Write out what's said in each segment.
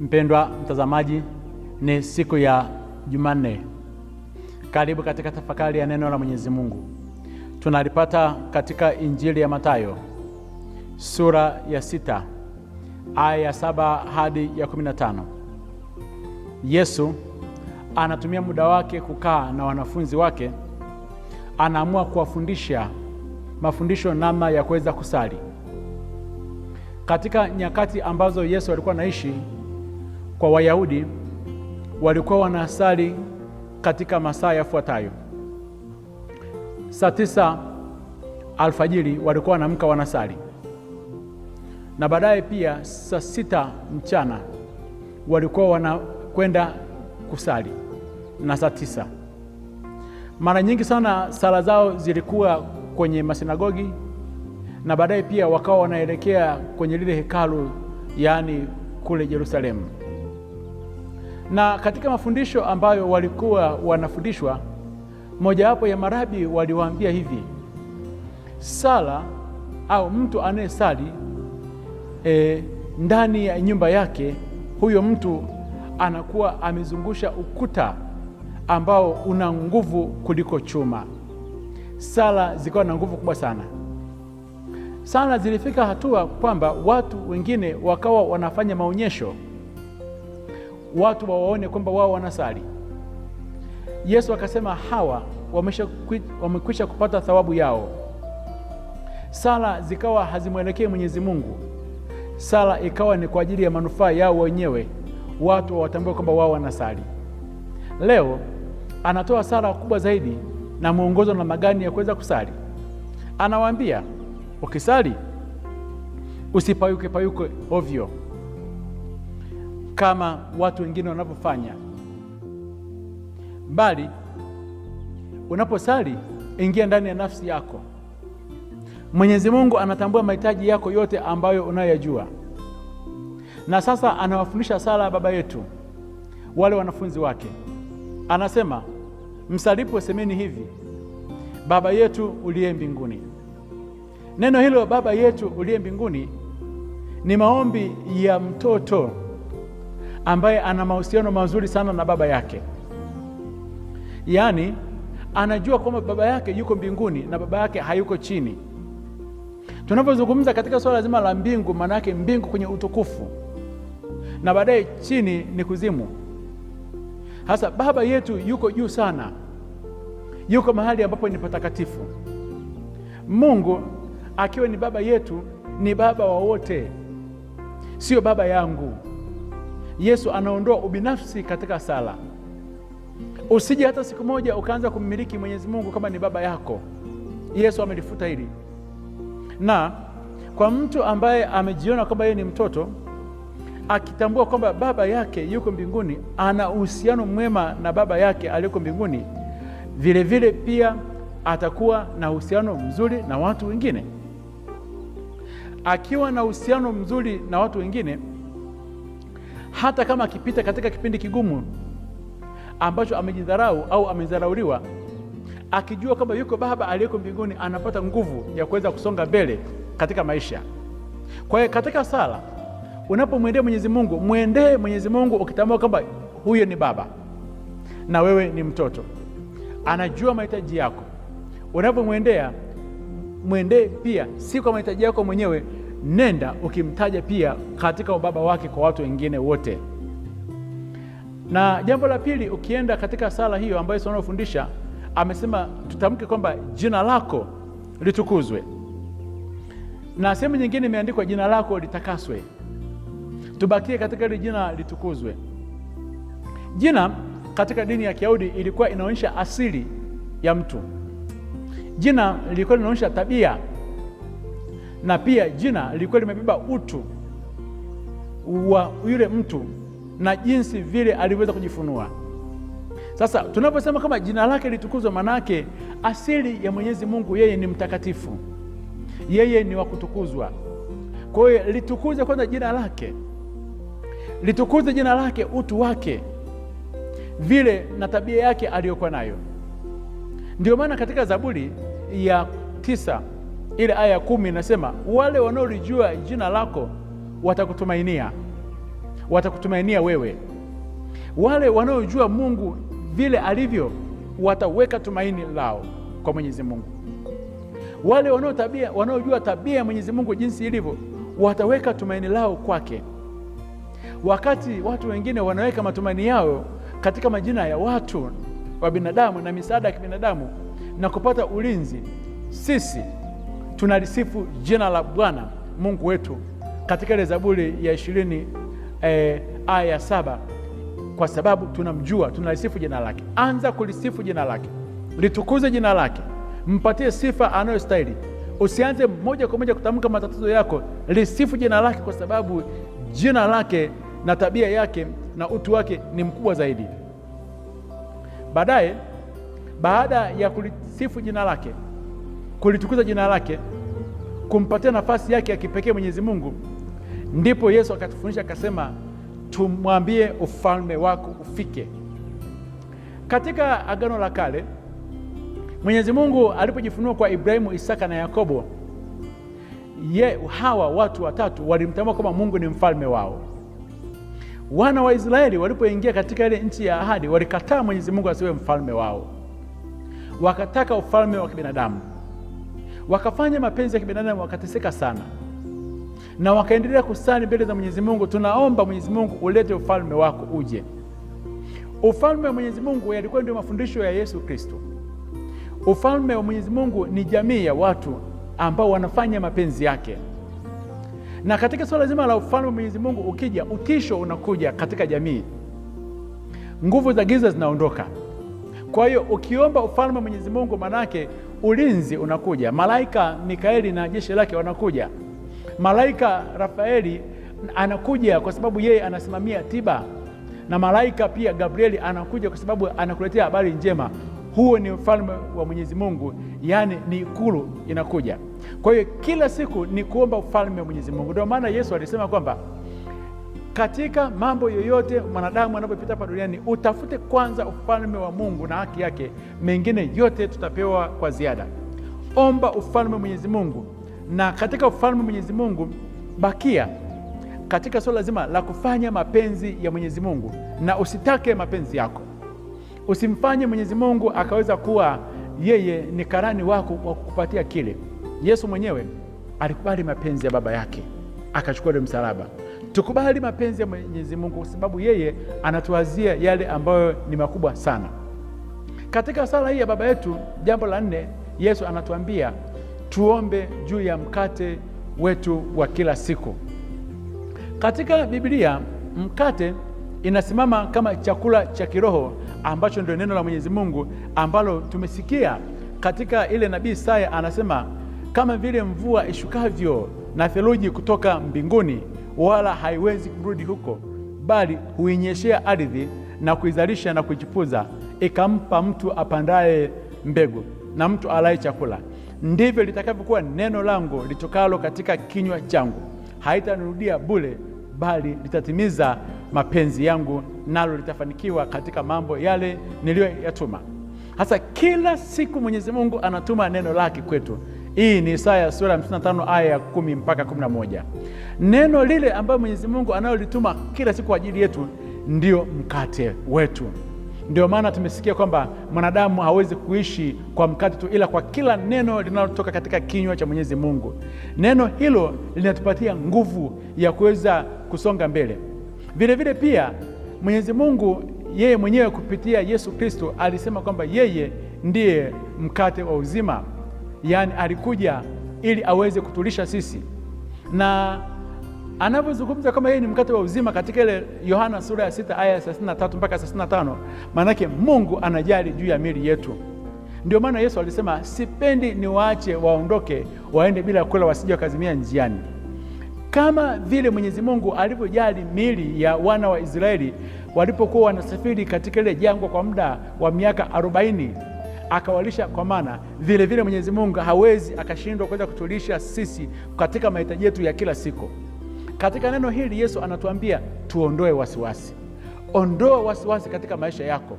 Mpendwa mtazamaji, ni siku ya Jumanne. Karibu katika tafakari ya neno la Mwenyezi Mungu. Tunalipata katika Injili ya Mathayo sura ya sita aya ya saba hadi ya kumi na tano. Yesu anatumia muda wake kukaa na wanafunzi wake, anaamua kuwafundisha mafundisho namna ya kuweza kusali. Katika nyakati ambazo Yesu alikuwa anaishi kwa Wayahudi walikuwa wanasali katika masaa yafuatayo: saa tisa alfajiri walikuwa wanamka wanasali, na baadaye pia saa sita mchana walikuwa wanakwenda kusali na saa tisa. Mara nyingi sana sala zao zilikuwa kwenye masinagogi na baadaye pia wakawa wanaelekea kwenye lile hekalu, yaani kule Yerusalemu. Na katika mafundisho ambayo walikuwa wanafundishwa, mojawapo ya marabi waliwaambia hivi, sala au mtu anayesali e, ndani ya nyumba yake, huyo mtu anakuwa amezungusha ukuta ambao una nguvu kuliko chuma. Sala zikawa na nguvu kubwa sana. Sala zilifika hatua kwamba watu wengine wakawa wanafanya maonyesho watu wawaone kwamba wao wanasali. Yesu akasema hawa wamekwisha kupata thawabu yao. Sala zikawa hazimwelekei Mwenyezi Mungu, sala ikawa ni kwa ajili ya manufaa yao wenyewe, watu wawatambue kwamba wao wanasali. Leo anatoa sala kubwa zaidi na mwongozo na magani ya kuweza kusali. Anawaambia ukisali usipayuke payuke ovyo kama watu wengine wanavyofanya, bali unaposali, ingia ndani ya nafsi yako. Mwenyezi Mungu anatambua mahitaji yako yote ambayo unayoyajua. Na sasa anawafundisha sala ya Baba Yetu wale wanafunzi wake, anasema msalipo, semeni hivi: Baba yetu uliye mbinguni. Neno hilo Baba yetu uliye mbinguni ni maombi ya mtoto ambaye ana mahusiano mazuri sana na baba yake, yaani anajua kwamba baba yake yuko mbinguni na baba yake hayuko chini. Tunapozungumza katika swala zima la mbingu, maana yake mbingu kwenye utukufu na baadaye chini ni kuzimu. Hasa baba yetu yuko juu sana, yuko mahali ambapo ni patakatifu. Mungu akiwa ni baba yetu, ni baba wa wote, sio baba yangu. Yesu anaondoa ubinafsi katika sala. Usije hata siku moja ukaanza kummiliki Mwenyezi Mungu kama ni baba yako. Yesu amelifuta hili, na kwa mtu ambaye amejiona kwamba yeye ni mtoto, akitambua kwamba baba yake yuko mbinguni, ana uhusiano mwema na baba yake aliyoko mbinguni, vilevile vile pia atakuwa na uhusiano mzuri na watu wengine. Akiwa na uhusiano mzuri na watu wengine hata kama akipita katika kipindi kigumu ambacho amejidharau au amedharauliwa akijua kwamba yuko Baba aliyeko mbinguni, anapata nguvu ya kuweza kusonga mbele katika maisha. Kwa hiyo katika sala unapomwendea Mwenyezi Mungu, mwendee Mwenyezi Mungu ukitambua kwamba huyo ni Baba na wewe ni mtoto, anajua mahitaji yako. Unapomwendea mwendee pia si kwa mahitaji yako mwenyewe nenda ukimtaja pia katika ubaba wake kwa watu wengine wote. Na jambo la pili, ukienda katika sala hiyo ambayo Yesu anayofundisha amesema tutamke kwamba jina lako litukuzwe, na sehemu nyingine imeandikwa jina lako litakaswe. Tubakie katika hili jina litukuzwe. Jina katika dini ya Kiyahudi ilikuwa inaonyesha asili ya mtu. Jina lilikuwa linaonyesha tabia na pia jina lilikuwa limebeba utu wa yule mtu na jinsi vile alivyoweza kujifunua. Sasa tunaposema kama jina lake litukuzwe, manake asili ya Mwenyezi Mungu, yeye ni mtakatifu, yeye ni wa kutukuzwa. Kwa hiyo litukuze kwanza jina lake, litukuze jina lake, utu wake vile na tabia yake aliyokuwa nayo. Ndio maana katika Zaburi ya tisa ile aya ya kumi inasema wale wanaolijua jina lako watakutumainia, watakutumainia wewe. Wale wanaojua Mungu vile alivyo wataweka tumaini lao kwa Mwenyezi Mungu. Wale wanaotabia wanaojua tabia ya Mwenyezi Mungu jinsi ilivyo wataweka tumaini lao kwake, wakati watu wengine wanaweka matumaini yao katika majina ya watu wa binadamu na misaada ya kibinadamu na kupata ulinzi, sisi tunalisifu jina la Bwana Mungu wetu katika ile Zaburi ya ishirini eh, aya ya saba kwa sababu tunamjua, tunalisifu jina lake. Anza kulisifu jina lake, litukuze jina lake, mpatie sifa anayostahili. Usianze moja kwa moja kutamka matatizo yako, lisifu jina lake, kwa sababu jina lake na tabia yake na utu wake ni mkubwa zaidi. Baadaye, baada ya kulisifu jina lake kulitukuza jina lake, kumpatia nafasi yake ya kipekee Mwenyezi Mungu, ndipo Yesu akatufundisha akasema, tumwambie ufalme wako ufike. Katika Agano la Kale, Mwenyezi Mungu alipojifunua kwa Ibrahimu, Isaka na Yakobo, ye hawa watu watatu walimtambua kama Mungu ni mfalme wao. Wana wa Israeli walipoingia katika ile nchi ya ahadi, walikataa Mwenyezi Mungu asiwe mfalme wao, wakataka ufalme wa kibinadamu wakafanya mapenzi ya kibinadamu wakateseka sana, na wakaendelea kusali mbele za Mwenyezi Mungu, tunaomba Mwenyezi Mungu ulete ufalme wako uje. Ufalme wa Mwenyezi Mungu yalikuwa ndio mafundisho ya Yesu Kristo. Ufalme wa Mwenyezi Mungu ni jamii ya watu ambao wanafanya mapenzi yake, na katika suala zima la ufalme wa Mwenyezi Mungu ukija, utisho unakuja katika jamii, nguvu za giza zinaondoka. Kwa hiyo ukiomba ufalme wa Mwenyezi Mungu, ulinzi unakuja, malaika Mikaeli na jeshi lake wanakuja, malaika Rafaeli anakuja kwa sababu yeye anasimamia tiba, na malaika pia Gabrieli anakuja kwa sababu anakuletea habari njema. Huo ni ufalme wa Mwenyezi Mungu, yaani ni ikulu inakuja. Kwa hiyo kila siku ni kuomba ufalme wa Mwenyezi Mungu. Ndio maana Yesu alisema kwamba katika mambo yoyote mwanadamu anapopita hapa duniani, utafute kwanza ufalme wa Mungu na haki yake, mengine yote tutapewa kwa ziada. Omba ufalme wa Mwenyezi Mungu, na katika ufalme wa Mwenyezi Mungu bakia katika swala zima la kufanya mapenzi ya Mwenyezi Mungu, na usitake mapenzi yako. Usimfanye Mwenyezi Mungu akaweza kuwa yeye ni karani wako wa kukupatia kile. Yesu mwenyewe alikubali mapenzi ya Baba yake, akachukua ile msalaba Tukubali mapenzi ya Mwenyezi Mungu kwa sababu yeye anatuwazia yale ambayo ni makubwa sana. Katika sala hii ya Baba Yetu, jambo la nne, Yesu anatuambia tuombe juu ya mkate wetu wa kila siku. Katika Biblia, mkate inasimama kama chakula cha kiroho ambacho ndio neno la Mwenyezi Mungu ambalo tumesikia katika ile nabii Isaya anasema, kama vile mvua ishukavyo na theluji kutoka mbinguni wala haiwezi kurudi huko, bali huinyeshea ardhi na kuizalisha na kuichipuza, ikampa mtu apandaye mbegu na mtu alaye chakula. Ndivyo litakavyokuwa neno langu litokalo katika kinywa changu, haitanirudia bure, bali litatimiza mapenzi yangu, nalo litafanikiwa katika mambo yale niliyoyatuma. Hasa kila siku Mwenyezi Mungu anatuma neno lake kwetu. Hii ni Isaya sura 55 aya ya 10 mpaka 11. Neno lile ambayo Mwenyezi Mungu analolituma kila siku kwa ajili yetu ndio mkate wetu. Ndio maana tumesikia kwamba mwanadamu hawezi kuishi kwa mkate tu, ila kwa kila neno linalotoka katika kinywa cha Mwenyezi Mungu. Neno hilo linatupatia nguvu ya kuweza kusonga mbele. Vilevile vile pia Mwenyezi Mungu yeye mwenyewe kupitia Yesu Kristo alisema kwamba yeye ndiye mkate wa uzima, yaani alikuja ili aweze kutulisha sisi na anavyozungumza kama yeye ni mkate wa uzima katika ile Yohana sura ya sita aya ya 33 mpaka 35, maanake Mungu anajali juu ya miili yetu. Ndio maana Yesu alisema sipendi niwaache waondoke waende bila kula, wasije wakazimia njiani, kama vile Mwenyezi Mungu alivyojali miili ya wana wa Israeli walipokuwa wanasafiri katika ile jangwa kwa muda wa miaka arobaini akawalisha kwa maana. Vile vile Mwenyezi Mungu hawezi akashindwa kuweza kutulisha sisi katika mahitaji yetu ya kila siku. Katika neno hili Yesu anatuambia tuondoe wasiwasi. Ondoa wasiwasi katika maisha yako,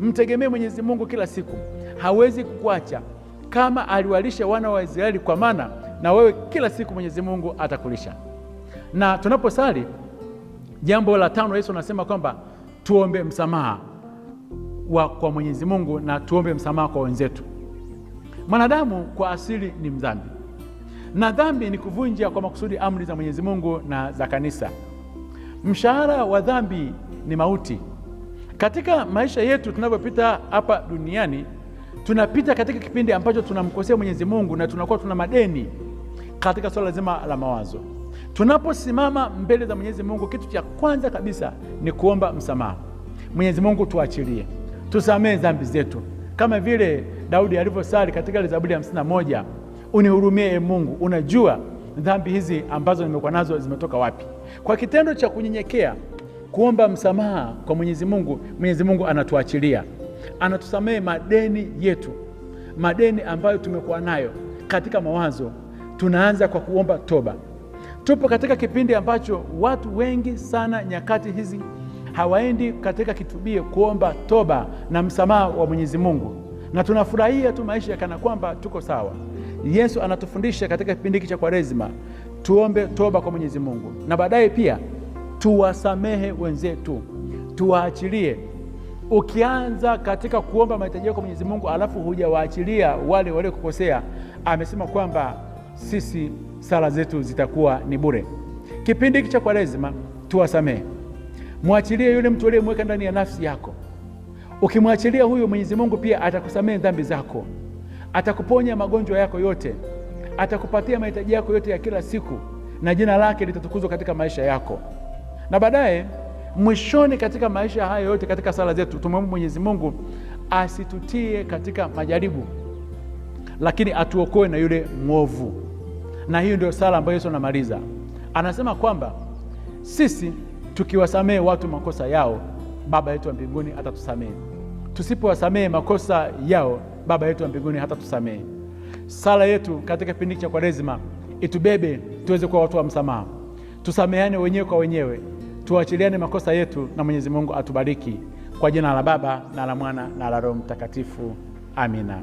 mtegemee Mwenyezi Mungu kila siku. Hawezi kukuacha kama aliwalisha wana wa Israeli, kwa mana na wewe kila siku Mwenyezi Mungu atakulisha. Na tunaposali, jambo la tano, Yesu anasema kwamba tuombe msamaha wa kwa Mwenyezi Mungu na tuombe msamaha kwa wenzetu. Mwanadamu kwa asili ni mdhambi na dhambi ni kuvunja kwa makusudi amri za Mwenyezi Mungu na za kanisa. Mshahara wa dhambi ni mauti. Katika maisha yetu tunavyopita hapa duniani, tunapita katika kipindi ambacho tunamkosea Mwenyezi Mungu na tunakuwa tuna madeni katika swala zima la mawazo. Tunaposimama mbele za Mwenyezi Mungu, kitu cha kwanza kabisa ni kuomba msamaha. Mwenyezi Mungu, tuachilie, tusamehe dhambi zetu, kama vile Daudi alivyosali katika ile Zaburi ya 51 unihurumie, e Mungu. Unajua dhambi hizi ambazo nimekuwa nazo zimetoka wapi. Kwa kitendo cha kunyenyekea, kuomba msamaha kwa Mwenyezi Mungu, Mwenyezi Mungu anatuachilia, anatusamehe madeni yetu, madeni ambayo tumekuwa nayo katika mawazo. Tunaanza kwa kuomba toba. Tupo katika kipindi ambacho watu wengi sana nyakati hizi hawaendi katika kitubio kuomba toba na msamaha wa Mwenyezi Mungu, na tunafurahia tu maisha kana kwamba tuko sawa. Yesu anatufundisha katika kipindi hiki cha Kwaresima tuombe toba kwa Mwenyezi Mungu, na baadaye pia tuwasamehe wenzetu, tuwaachilie. Ukianza katika kuomba mahitaji yako kwa Mwenyezi Mungu alafu hujawaachilia wale waliokukosea, amesema kwamba sisi sala zetu zitakuwa ni bure. Kipindi hiki cha Kwaresima tuwasamehe, mwachilie yule mtu aliyemweka ndani ya nafsi yako. Ukimwachilia huyo, Mwenyezi Mungu pia atakusamehe dhambi zako. Atakuponya magonjwa yako yote, atakupatia mahitaji yako yote ya kila siku, na jina lake litatukuzwa katika maisha yako. Na baadaye mwishoni, katika maisha haya yote, katika sala zetu tumwombe Mwenyezi Mungu asitutie katika majaribu, lakini atuokoe na yule mwovu. Na hiyo ndio sala ambayo Yesu anamaliza, anasema kwamba sisi tukiwasamehe watu makosa yao, Baba yetu wa mbinguni atatusamehe. Tusipowasamehe makosa yao Baba yetu wa mbinguni, hata tusamehe. Sala yetu katika kipindi cha Kwaresima itubebe tuweze kuwa watu wa msamaha, tusameheane wenyewe kwa wenyewe, tuachiliane makosa yetu, na Mwenyezi Mungu atubariki. Kwa jina la Baba na la Mwana na la Roho Mtakatifu, amina.